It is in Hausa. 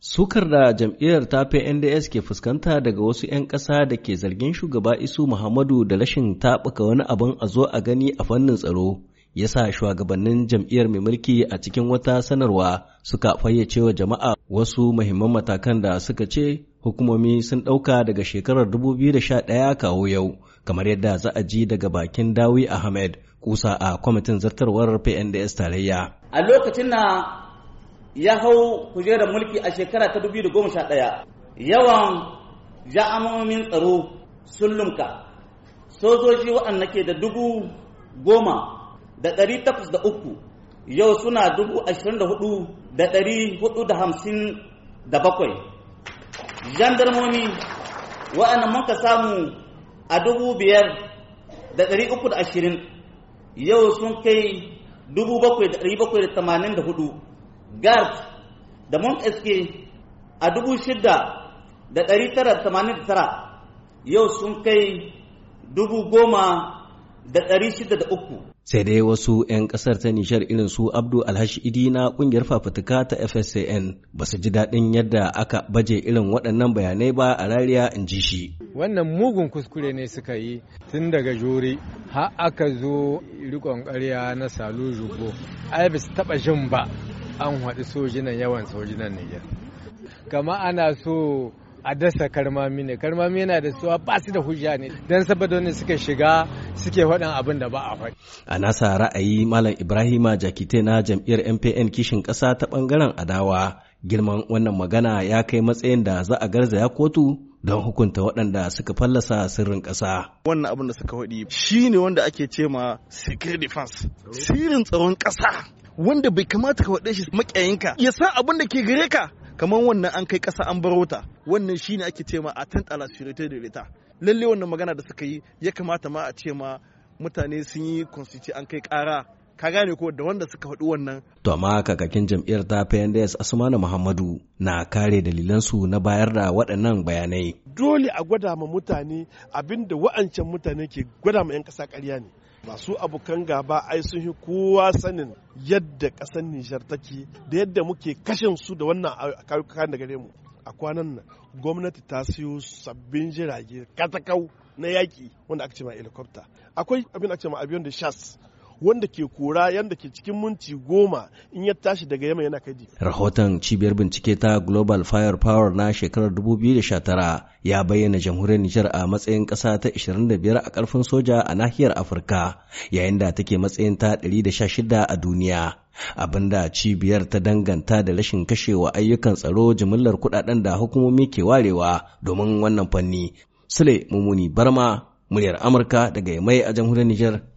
Sukar da jam'iyyar ta PNDS ke fuskanta daga wasu 'yan ƙasa da ke zargin shugaba Isu Muhammadu da rashin taɓuka wani abin a zo a gani a fannin tsaro, ya sa shugabannin jam'iyyar mai mulki a cikin wata sanarwa suka fayyace wa jama'a wasu muhimman matakan da suka ce hukumomi sun ɗauka daga shekarar 2011 kawo yau, kamar yadda za a ji daga bakin Dawi Ahmed, kusa a kwamitin zartarwar PNDS tarayya. A lokacin na ya hau kujerar mulki a shekara ta 2011 yawan ja'amomin tsaro sun lumka sojoji waɗanda ke da dubu goma da ɗari takwas da uku yau suna dubu ashirin da hudu da ɗari hudu da hamsin da bakwai jandarmomi waɗanda muka samu a dubu biyar da ɗari uku da ashirin yau sun kai dubu bakwai da ɗari bakwai da tamanin da hudu gart da montesquieu a dubu shida da ɗari tara tamanin tara yau sun kai dubu goma da ɗari shida da uku. Sai dai wasu 'yan ƙasar ta Nishar irin su Abdu Alhashi Idi na ƙungiyar fafutuka ta FSAN ba su ji daɗin yadda aka baje irin waɗannan bayanai ba a rariya in ji shi. Wannan mugun kuskure ne suka yi tun daga jori har aka zo rikon ƙarya na Salu rubo, Ai ba su taɓa jin ba an haɗi sojinan yawan sojinan Nijar. Kama ana so a dasa karmami ne, karmami yana da suwa ba su da hujja ne, don saboda wani suka shiga suke faɗin abin da ba a faɗi. A nasa ra'ayi Malam Ibrahima Jakite na jam'iyyar MPN kishin ƙasa ta ɓangaren adawa. Girman wannan magana ya kai matsayin da za a garza ya kotu don hukunta waɗanda suka fallasa sirrin ƙasa. Wannan abin da suka faɗi shi ne wanda ake ce ma secret defense, sirrin tsaron ƙasa. wanda bai kamata ka faɗe shi makiyayinka ya sa abin da ke gare ka kamar wannan an kai ƙasa an baro ta wannan shine ake cewa a tan tsala la da lalle wannan magana da suka yi ya kamata ma a ce ma mutane sun yi constitute an kai ƙara ka gane ko da wanda suka faɗi wannan. To amma kakakin jam'iyyar ta PNDS Asmanu Muhammadu na kare dalilansu na bayar da waɗannan bayanai. Dole a gwada ma mutane abinda wa'ancan mutane ke gwada ma 'yan ƙasa ƙarya ne. masu abokan gaba ai sun yi kowa sanin yadda ƙasar Nijar take da yadda muke kashin su da wannan kayan da gare mu a kwanan nan gwamnati ta siyo sabbin jirage katakau na yaƙi wanda aka ce ma helicopter akwai abin aka ce ma da shas wanda ke kora yanda ke cikin minti goma in ya tashi daga yamma yana kaji. Rahoton cibiyar bincike ta Global Firepower na shekarar 2019 ya bayyana jamhuriyar Nijar a matsayin ƙasa ta 25 a ƙarfin soja a nahiyar Afirka yayin da take matsayin ta 116 a duniya. abinda cibiyar ta danganta da rashin kashewa ayyukan tsaro jimillar kudaden da hukumomi ke warewa domin wannan fanni Sule Mumuni Barma, muryar Amurka daga mai a jamhuriyar Nijar.